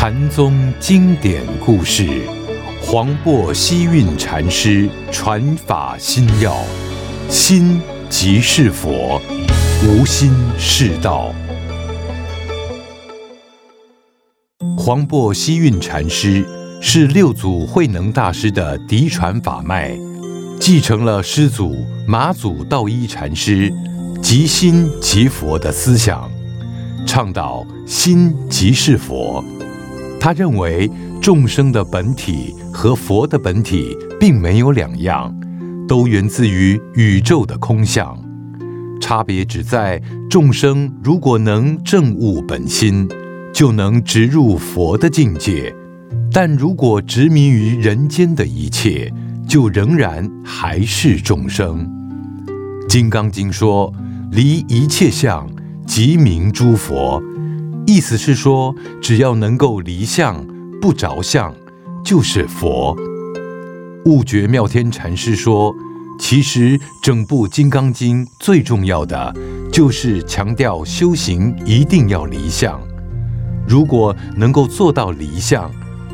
禪宗經典故事，黃檗希運禪師傳法心要，心即是佛，無心是道。黃檗希運禪師是六祖慧能大師的嫡傳法脈，繼承了師祖馬祖道一禪師“即心即佛”的思想，倡導“心即是佛”。他認為眾生的本體和佛的本體並沒有兩樣，都源自於宇宙的空相，差別只在眾生如果能證悟本心，就能直入佛的境界；但如果執迷於人間的一切，就仍然還是眾生。《金剛經》說：“離一切相，即名諸佛。”意思是說，只要能夠離相、不着相，就是佛。悟覺妙天禪師說，其實整部《金剛經》最重要的就是強調修行一定要離相。如果能夠做到離相，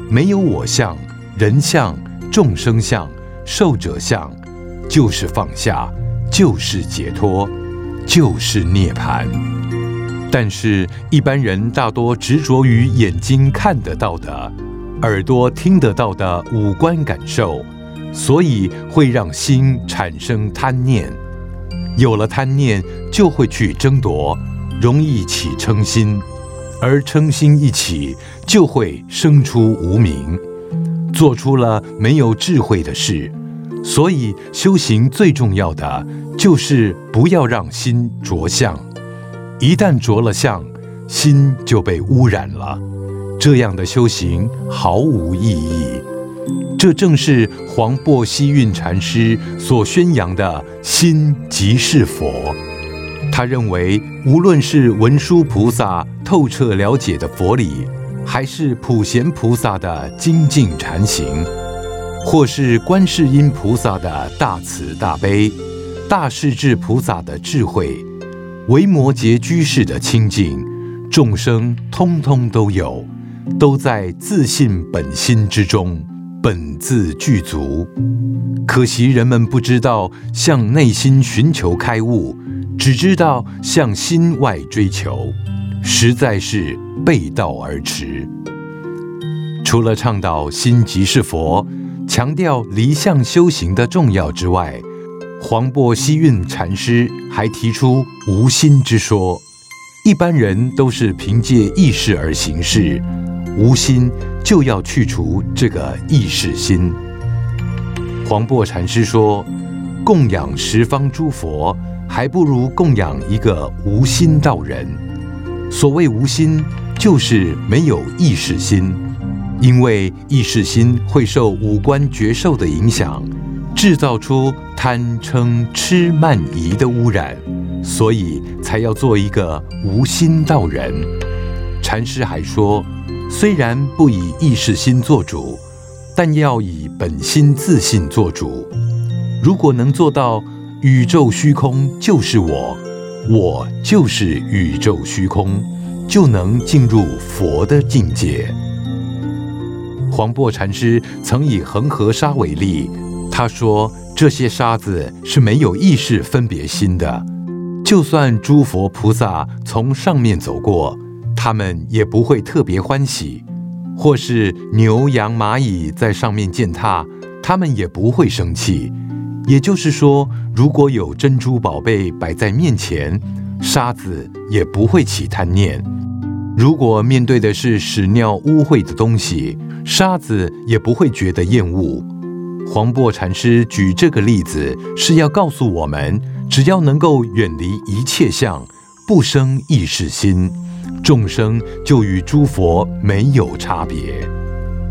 沒有我相、人相、眾生相、壽者相，就是放下，就是解脫，就是涅槃。但是，一般人大多執着於眼睛看得到的、耳朵聽得到的五官感受，所以會讓心產生貪念。有了貪念，就會去爭奪，容易起嗔心，而嗔心一起，就會生出無明，做出了沒有智慧的事。所以，修行最重要的就是不要讓心着相。一旦着了相，心就被污染了，這樣的修行毫無意義。這正是黃檗希運禪師所宣揚的“心即是佛”。他認為，無論是文殊菩薩透徹了解的佛理，還是普賢菩薩的精進禪行，或是觀世音菩薩的大慈大悲，大勢至菩薩的智慧，維摩詰居士的清淨，眾生通通都有，都在自信本心之中，本自具足。可惜人們不知道向內心尋求開悟，只知道向心外追求，實在是背道而馳。除了倡導心即是佛，強調離相修行的重要之外，黃檗希運禪師還提出無心之說，一般人都是憑借意識而行事，無心就要去除這個意識心。黃檗禪師說，供養十方諸佛，還不如供養一個無心道人。所謂無心，就是沒有意識心，因為意識心會受五官覺受的影響。製造出貪嗔痴慢疑的污染，所以才要做一個無心道人。禪師還說，雖然不以意識心做主，但要以本心自信做主。如果能做到宇宙虛空就是我，我就是宇宙虛空，就能進入佛的境界。黃檗禪師曾以恆河沙為例。他說：“這些沙子是沒有意識分別心的，就算諸佛菩薩從上面走過，他們也不會特別歡喜；或是牛羊螞蟻在上面踐踏，他們也不會生氣。也就是說，如果有珍珠寶貝擺在面前，沙子也不會起貪念；如果面對的是屎尿汙穢的東西，沙子也不會覺得厭惡。”黃檗禪師舉這個例子，是要告訴我們：只要能夠遠離一切相，不生意識心，眾生就與諸佛沒有差別。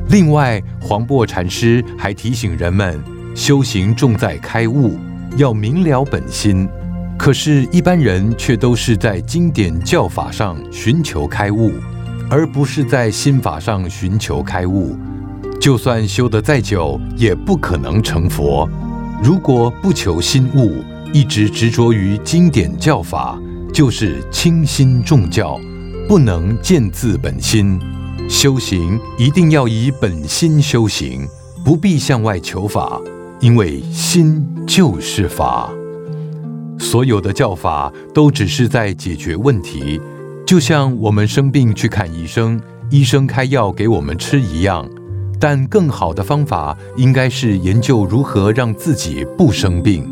另外，黃檗禪師還提醒人們，修行重在開悟，要明了本心。可是，一般人卻都是在經典教法上尋求開悟，而不是在心法上尋求開悟。就算修得再久，也不可能成佛。如果不求心悟，一直執着於經典教法，就是輕心重教，不能見自本心。修行一定要以本心修行，不必向外求法，因為心就是法。所有的教法都只是在解決問題，就像我們生病去看醫生，醫生開藥給我們吃一樣。但更好的方法應該是研究如何讓自己不生病，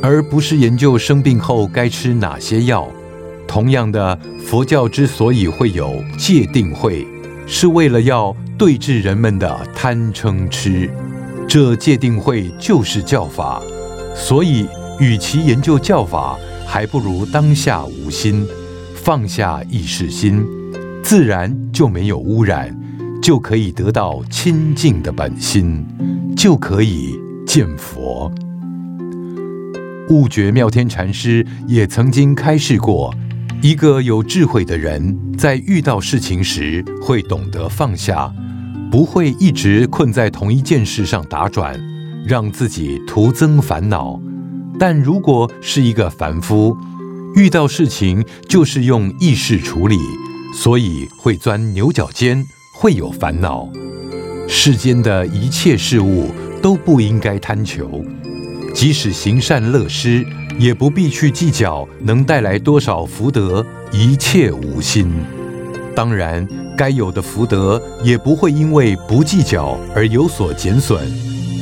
而不是研究生病後該吃哪些藥。同樣的，佛教之所以會有戒定慧，是為了要對治人們的貪嗔癡。這戒定慧就是教法，所以與其研究教法，還不如當下無心，放下意識心，自然就沒有污染，就可以得到清淨的本心，就可以見佛。悟覺妙天禪師也曾經開示過，一個有智慧的人在遇到事情時會懂得放下，不會一直困在同一件事上打轉，讓自己徒增煩惱。但如果是一個凡夫，遇到事情就是用意識處理，所以會鑽牛角尖。會有煩惱。世間的一切事物都不應該貪求，即使行善樂施，也不必去計較能帶來多少福德，一切無心。當然，該有的福德也不會因為不計較而有所減損。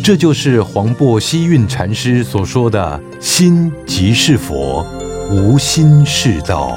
這就是黃檗希運禪師所說的心即是佛，無心是道。